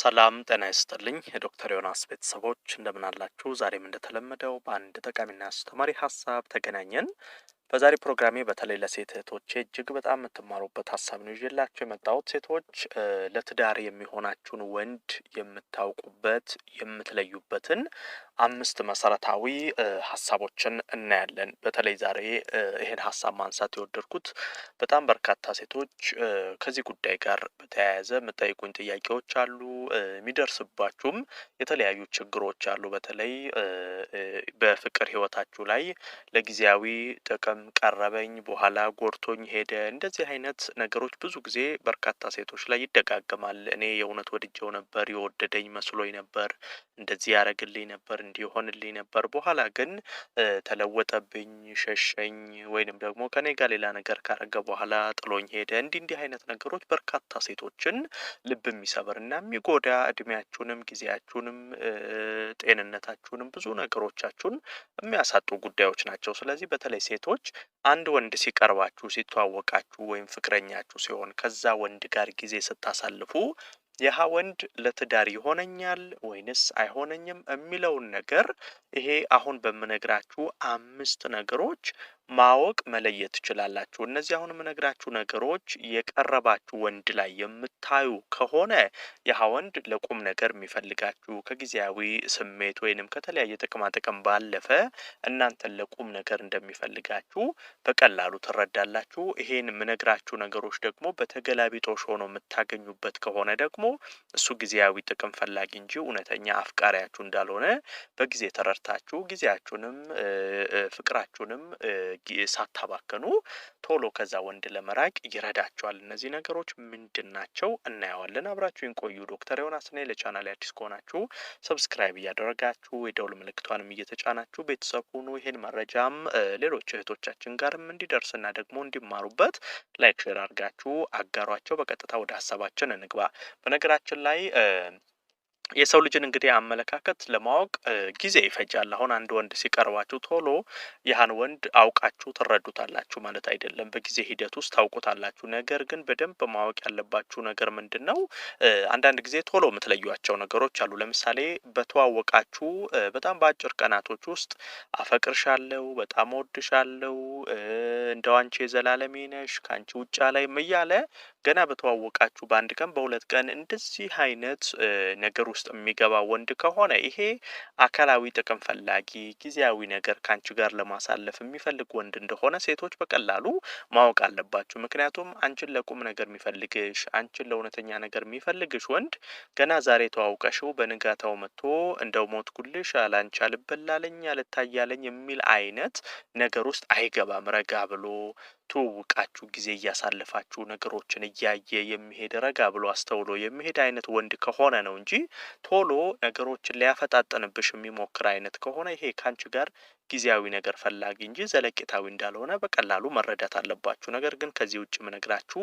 ሰላም ጤና ይስጥልኝ የዶክተር ዮናስ ቤተሰቦች እንደምን አላችሁ? ዛሬም እንደተለመደው በአንድ ጠቃሚና አስተማሪ ሀሳብ ተገናኘን። በዛሬ ፕሮግራሜ በተለይ ለሴት እህቶቼ እጅግ በጣም የምትማሩበት ሀሳብ ነው ይዤላቸው የመጣሁት። ሴቶች ለትዳር የሚሆናችሁን ወንድ የምታውቁበት የምትለዩበትን አምስት መሰረታዊ ሀሳቦችን እናያለን። በተለይ ዛሬ ይሄን ሀሳብ ማንሳት የወደድኩት በጣም በርካታ ሴቶች ከዚህ ጉዳይ ጋር በተያያዘ የምጠይቁኝ ጥያቄዎች አሉ፣ የሚደርስባችሁም የተለያዩ ችግሮች አሉ። በተለይ በፍቅር ህይወታችሁ ላይ ለጊዜያዊ ጥቅም ቀረበኝ፣ በኋላ ጎርቶኝ ሄደ። እንደዚህ አይነት ነገሮች ብዙ ጊዜ በርካታ ሴቶች ላይ ይደጋገማል። እኔ የእውነት ወድጀው ነበር፣ የወደደኝ መስሎኝ ነበር፣ እንደዚህ ያደረግልኝ ነበር፣ እንዲሆንልኝ ነበር። በኋላ ግን ተለወጠብኝ፣ ሸሸኝ፣ ወይንም ደግሞ ከኔ ጋር ሌላ ነገር ካረገ በኋላ ጥሎኝ ሄደ። እንዲህ እንዲህ አይነት ነገሮች በርካታ ሴቶችን ልብ የሚሰብር እና የሚጎዳ እድሜያችሁንም ጊዜያችሁንም ጤንነታችሁንም ብዙ ነገሮቻችሁን የሚያሳጡ ጉዳዮች ናቸው። ስለዚህ በተለይ ሴቶች አንድ ወንድ ሲቀርባችሁ፣ ሲተዋወቃችሁ ወይም ፍቅረኛችሁ ሲሆን ከዛ ወንድ ጋር ጊዜ ስታሳልፉ ያህ ወንድ ለትዳር ይሆነኛል ወይንስ አይሆነኝም የሚለውን ነገር ይሄ አሁን በምነግራችሁ አምስት ነገሮች ማወቅ መለየት ትችላላችሁ። እነዚህ አሁን የምነግራችሁ ነገሮች የቀረባችሁ ወንድ ላይ የምታዩ ከሆነ ያ ወንድ ለቁም ነገር የሚፈልጋችሁ ከጊዜያዊ ስሜት ወይንም ከተለያየ ጥቅማጥቅም ባለፈ እናንተን ለቁም ነገር እንደሚፈልጋችሁ በቀላሉ ትረዳላችሁ። ይሄን የምነግራችሁ ነገሮች ደግሞ በተገላቢጦሽ ሆኖ የምታገኙበት ከሆነ ደግሞ እሱ ጊዜያዊ ጥቅም ፈላጊ እንጂ እውነተኛ አፍቃሪያችሁ እንዳልሆነ በጊዜ ተረድታችሁ ጊዜያችሁንም ፍቅራችሁንም ሳታባከኑ ቶሎ ከዛ ወንድ ለመራቅ ይረዳቸዋል። እነዚህ ነገሮች ምንድን ናቸው እናየዋለን። አብራችሁን ቆዩ። ዶክተር ዮናስ ነኝ። ለቻናል አዲስ ከሆናችሁ ሰብስክራይብ እያደረጋችሁ የደውል ምልክቷንም እየተጫናችሁ ቤተሰብ ሁኑ። ይህን መረጃም ሌሎች እህቶቻችን ጋርም እንዲደርስና ደግሞ እንዲማሩበት ላይክ፣ ሼር አድርጋችሁ አጋሯቸው። በቀጥታ ወደ ሀሳባችን እንግባ። በነገራችን ላይ የሰው ልጅን እንግዲህ አመለካከት ለማወቅ ጊዜ ይፈጃል። አሁን አንድ ወንድ ሲቀርባችሁ ቶሎ ያህን ወንድ አውቃችሁ ትረዱታላችሁ ማለት አይደለም። በጊዜ ሂደት ውስጥ ታውቁታላችሁ። ነገር ግን በደንብ ማወቅ ያለባችሁ ነገር ምንድን ነው? አንዳንድ ጊዜ ቶሎ የምትለዩቸው ነገሮች አሉ። ለምሳሌ በተዋወቃችሁ በጣም በአጭር ቀናቶች ውስጥ አፈቅርሻለው፣ በጣም ወድሻለው፣ እንደው አንቺ የዘላለሜ ነሽ፣ ከአንቺ ውጫ አላይም እያለ ገና በተዋወቃችሁ በአንድ ቀን በሁለት ቀን እንደዚህ አይነት ነገር ውስጥ የሚገባ ወንድ ከሆነ ይሄ አካላዊ ጥቅም ፈላጊ ጊዜያዊ ነገር ከአንቺ ጋር ለማሳለፍ የሚፈልግ ወንድ እንደሆነ ሴቶች በቀላሉ ማወቅ አለባችሁ። ምክንያቱም አንቺን ለቁም ነገር የሚፈልግሽ አንቺን ለእውነተኛ ነገር የሚፈልግሽ ወንድ ገና ዛሬ ተዋውቀሽው በንጋታው መጥቶ እንደው ሞትኩልሽ፣ አላንቺ አልበላለኝ፣ አልታያለኝ የሚል አይነት ነገር ውስጥ አይገባም። ረጋ ብሎ ትውውቃችሁ ጊዜ እያሳለፋችሁ ነገሮችን እያየ የሚሄድ ረጋ ብሎ አስተውሎ የሚሄድ አይነት ወንድ ከሆነ ነው እንጂ ቶሎ ነገሮችን ሊያፈጣጠንብሽ የሚሞክር አይነት ከሆነ ይሄ ከአንቺ ጋር ጊዜያዊ ነገር ፈላጊ እንጂ ዘለቄታዊ እንዳልሆነ በቀላሉ መረዳት አለባችሁ። ነገር ግን ከዚህ ውጭ ምነግራችሁ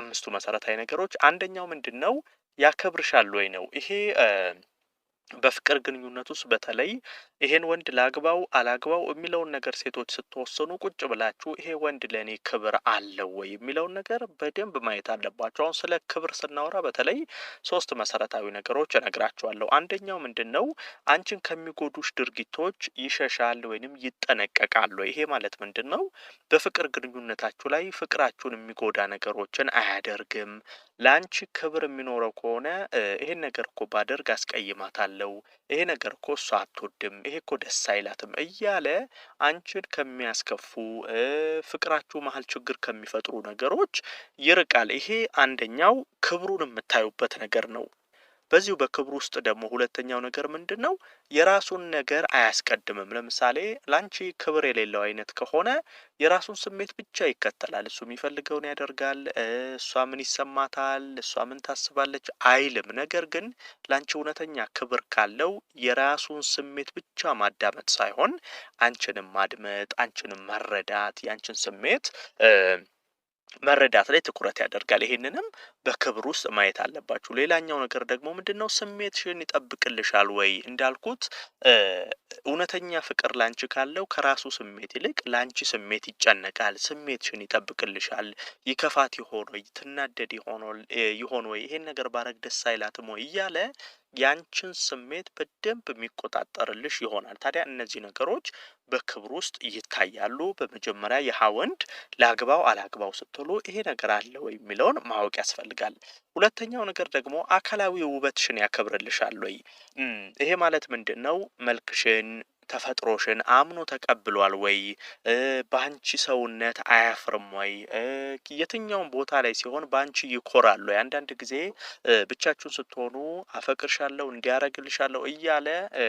አምስቱ መሰረታዊ ነገሮች አንደኛው ምንድን ነው? ያከብርሻል ወይ ነው ይሄ በፍቅር ግንኙነት ውስጥ በተለይ ይሄን ወንድ ላግባው አላግባው የሚለውን ነገር ሴቶች ስትወሰኑ ቁጭ ብላችሁ ይሄ ወንድ ለእኔ ክብር አለው ወይ የሚለውን ነገር በደንብ ማየት አለባቸው። አሁን ስለ ክብር ስናወራ በተለይ ሶስት መሰረታዊ ነገሮች እነግራችኋለሁ። አንደኛው ምንድን ነው? አንቺን ከሚጎዱሽ ድርጊቶች ይሸሻል ወይንም ይጠነቀቃል። ይሄ ማለት ምንድን ነው? በፍቅር ግንኙነታችሁ ላይ ፍቅራችሁን የሚጎዳ ነገሮችን አያደርግም። ለአንቺ ክብር የሚኖረው ከሆነ ይሄን ነገር እኮ ባደርግ አስቀይማታል አለው ይሄ ነገር እኮ እሷ አትወድም፣ ይሄ እኮ ደስ አይላትም እያለ አንቺን ከሚያስከፉ ፍቅራችሁ መሀል ችግር ከሚፈጥሩ ነገሮች ይርቃል። ይሄ አንደኛው ክብሩን የምታዩበት ነገር ነው። በዚሁ በክብር ውስጥ ደግሞ ሁለተኛው ነገር ምንድን ነው? የራሱን ነገር አያስቀድምም። ለምሳሌ ላንቺ ክብር የሌለው አይነት ከሆነ የራሱን ስሜት ብቻ ይከተላል። እሱ የሚፈልገውን ያደርጋል። እሷ ምን ይሰማታል፣ እሷ ምን ታስባለች አይልም። ነገር ግን ላንቺ እውነተኛ ክብር ካለው የራሱን ስሜት ብቻ ማዳመጥ ሳይሆን አንቺንም ማድመጥ፣ አንቺንም መረዳት፣ የአንቺን ስሜት መረዳት ላይ ትኩረት ያደርጋል። ይሄንንም በክብር ውስጥ ማየት አለባችሁ። ሌላኛው ነገር ደግሞ ምንድን ነው? ስሜትሽን ይጠብቅልሻል ወይ? እንዳልኩት እውነተኛ ፍቅር ላንቺ ካለው ከራሱ ስሜት ይልቅ ላንቺ ስሜት ይጨነቃል። ስሜትሽን ይጠብቅልሻል። ይከፋት ይሆን ወይ? ትናደድ ይሆን ወይ? ይሄን ነገር ባረግ ደስ አይላትም ወይ? እያለ ያንችን ስሜት በደንብ የሚቆጣጠርልሽ ይሆናል። ታዲያ እነዚህ ነገሮች በክብር ውስጥ ይታያሉ። በመጀመሪያ ያህ ወንድ ላግባው አላግባው ስትሉ ይሄ ነገር አለ ወይ የሚለውን ማወቅ ያስፈልጋል። ሁለተኛው ነገር ደግሞ አካላዊ ውበትሽን ያከብርልሻል ወይ? ይሄ ማለት ምንድን ነው? መልክሽን ተፈጥሮሽን አምኖ ተቀብሏል ወይ? በአንቺ ሰውነት አያፍርም ወይ? የትኛውም ቦታ ላይ ሲሆን በአንቺ ይኮራሉ? አንዳንድ ጊዜ ብቻችሁን ስትሆኑ አፈቅርሻለሁ፣ እንዲያረግልሻለሁ እያለ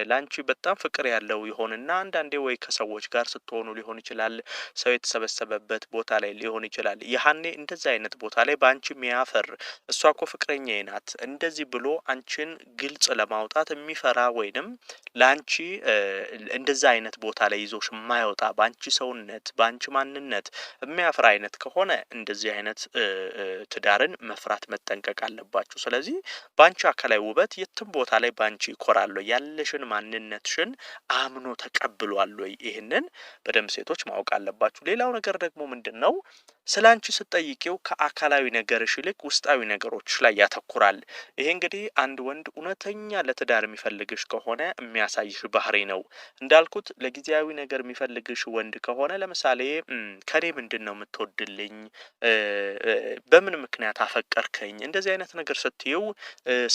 ለአንቺ በጣም ፍቅር ያለው ይሆንና አንዳንዴ ወይ ከሰዎች ጋር ስትሆኑ ሊሆን ይችላል፣ ሰው የተሰበሰበበት ቦታ ላይ ሊሆን ይችላል። ያኔ እንደዚ አይነት ቦታ ላይ በአንቺ የሚያፈር እሷ ኮ ፍቅረኛ ናት እንደዚህ ብሎ አንቺን ግልጽ ለማውጣት የሚፈራ ወይንም ለአንቺ እንደዛ አይነት ቦታ ላይ ይዞሽ የማይወጣ በአንቺ ሰውነት በአንቺ ማንነት የሚያፍራ አይነት ከሆነ እንደዚህ አይነት ትዳርን መፍራት መጠንቀቅ አለባችሁ። ስለዚህ በአንቺ አካላዊ ውበት የትም ቦታ ላይ በአንቺ ይኮራለሁ ያለሽን ማንነትሽን አምኖ ተቀብሏል ወይ? ይህንን በደንብ ሴቶች ማወቅ አለባችሁ። ሌላው ነገር ደግሞ ምንድን ነው ስለ አንቺ ስትጠይቂው ከአካላዊ ነገርሽ ይልቅ ውስጣዊ ነገሮች ላይ ያተኩራል። ይሄ እንግዲህ አንድ ወንድ እውነተኛ ለትዳር የሚፈልግሽ ከሆነ የሚያሳይሽ ባህሪ ነው። እንዳልኩት ለጊዜያዊ ነገር የሚፈልግሽ ወንድ ከሆነ ለምሳሌ ከኔ ምንድን ነው የምትወድልኝ፣ በምን ምክንያት አፈቀርከኝ፣ እንደዚህ አይነት ነገር ስትይው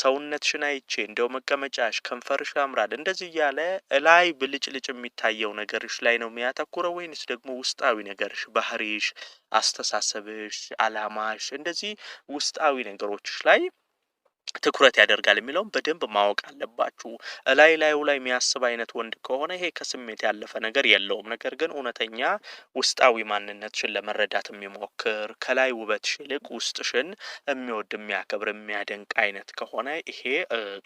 ሰውነትሽን አይቼ እንደው መቀመጫሽ፣ ከንፈርሽ ያምራል እንደዚህ እያለ ላይ ብልጭልጭ የሚታየው ነገርሽ ላይ ነው የሚያተኩረው ወይንስ ደግሞ ውስጣዊ ነገርሽ ባህሪሽ አስ አስተሳሰብሽ፣ አላማሽ እንደዚህ ውስጣዊ ነገሮችሽ ላይ ትኩረት ያደርጋል የሚለውን በደንብ ማወቅ አለባችሁ። እላይ ላዩ ላይ የሚያስብ አይነት ወንድ ከሆነ ይሄ ከስሜት ያለፈ ነገር የለውም። ነገር ግን እውነተኛ ውስጣዊ ማንነትሽን ለመረዳት የሚሞክር ከላይ ውበትሽ ይልቅ ውስጥሽን የሚወድ የሚያከብር፣ የሚያደንቅ አይነት ከሆነ ይሄ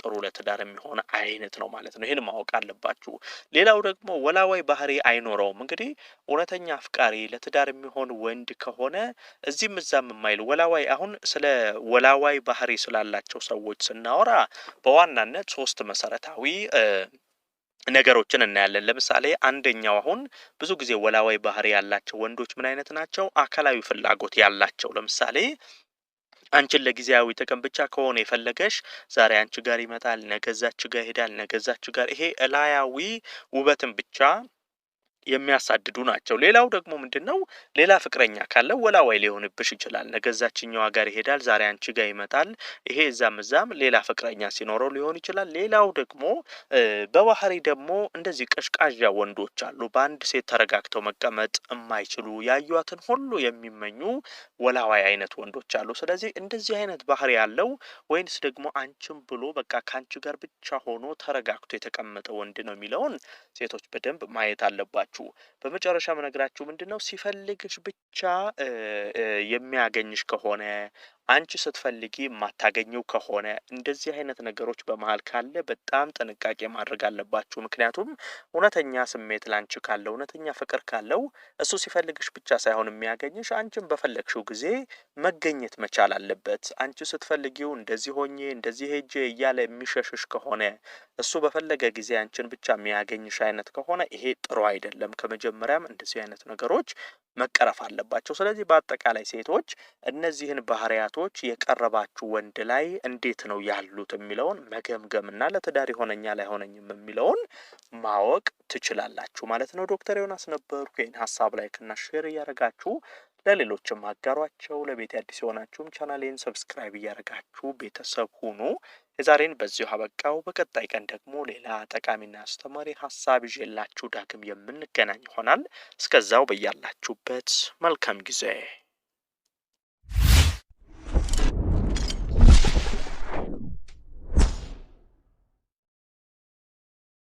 ጥሩ ለትዳር የሚሆነ አይነት ነው ማለት ነው። ይህን ማወቅ አለባችሁ። ሌላው ደግሞ ወላዋይ ባህሪ አይኖረውም። እንግዲህ እውነተኛ አፍቃሪ ለትዳር የሚሆን ወንድ ከሆነ እዚህም እዛም የማይል ወላዋይ አሁን ስለ ወላዋይ ባህሪ ስላላቸው ሰዎች ስናወራ በዋናነት ሶስት መሰረታዊ ነገሮችን እናያለን። ለምሳሌ አንደኛው አሁን ብዙ ጊዜ ወላዋይ ባህሪ ያላቸው ወንዶች ምን አይነት ናቸው? አካላዊ ፍላጎት ያላቸው ለምሳሌ አንቺን ለጊዜያዊ ጥቅም ብቻ ከሆነ የፈለገሽ ዛሬ አንቺ ጋር ይመጣል፣ ነገዛች ጋር ይሄዳል፣ ነገዛች ጋር ይሄ እላያዊ ውበትን ብቻ የሚያሳድዱ ናቸው። ሌላው ደግሞ ምንድን ነው? ሌላ ፍቅረኛ ካለ ወላዋይ ሊሆንብሽ ይችላል። ነገ እዛችኛዋ ጋር ይሄዳል፣ ዛሬ አንቺ ጋር ይመጣል። ይሄ እዛም እዛም ሌላ ፍቅረኛ ሲኖረው ሊሆን ይችላል። ሌላው ደግሞ በባህሪ ደግሞ እንደዚህ ቀዥቃዣ ወንዶች አሉ። በአንድ ሴት ተረጋግተው መቀመጥ የማይችሉ ያዩዋትን ሁሉ የሚመኙ ወላዋይ አይነት ወንዶች አሉ። ስለዚህ እንደዚህ አይነት ባህሪ ያለው ወይንስ ደግሞ አንቺም ብሎ በቃ ከአንቺ ጋር ብቻ ሆኖ ተረጋግቶ የተቀመጠ ወንድ ነው የሚለውን ሴቶች በደንብ ማየት አለባቸው። የምነግራችሁ። በመጨረሻ መነግራችሁ ምንድን ነው ሲፈልግሽ ብቻ የሚያገኝሽ ከሆነ አንቺ ስትፈልጊ የማታገኘው ከሆነ እንደዚህ አይነት ነገሮች በመሀል ካለ በጣም ጥንቃቄ ማድረግ አለባችሁ። ምክንያቱም እውነተኛ ስሜት ላንቺ ካለው እውነተኛ ፍቅር ካለው እሱ ሲፈልግሽ ብቻ ሳይሆን የሚያገኝሽ አንቺን በፈለግሽው ጊዜ መገኘት መቻል አለበት። አንቺ ስትፈልጊው እንደዚህ ሆኜ እንደዚህ ሄጄ እያለ የሚሸሽሽ ከሆነ እሱ በፈለገ ጊዜ አንቺን ብቻ የሚያገኝሽ አይነት ከሆነ ይሄ ጥሩ አይደለም። አይደለም። ከመጀመሪያም እንደዚህ አይነት ነገሮች መቀረፍ አለባቸው። ስለዚህ በአጠቃላይ ሴቶች እነዚህን ባህሪያቶች የቀረባችሁ ወንድ ላይ እንዴት ነው ያሉት የሚለውን መገምገምና ለትዳር ይሆነኛል አይሆነኝም የሚለውን ማወቅ ትችላላችሁ ማለት ነው። ዶክተር ዮናስ ነበርኩ። ይህን ሀሳብ ላይክና ሼር እያደረጋችሁ ለሌሎችም አጋሯቸው። ለቤት አዲስ የሆናችሁም ቻናሌን ሰብስክራይብ እያደረጋችሁ ቤተሰብ ሁኑ። የዛሬን በዚሁ አበቃው። በቀጣይ ቀን ደግሞ ሌላ ጠቃሚና አስተማሪ ሀሳብ ይዤላችሁ ዳግም የምንገናኝ ይሆናል። እስከዛው በያላችሁበት መልካም ጊዜ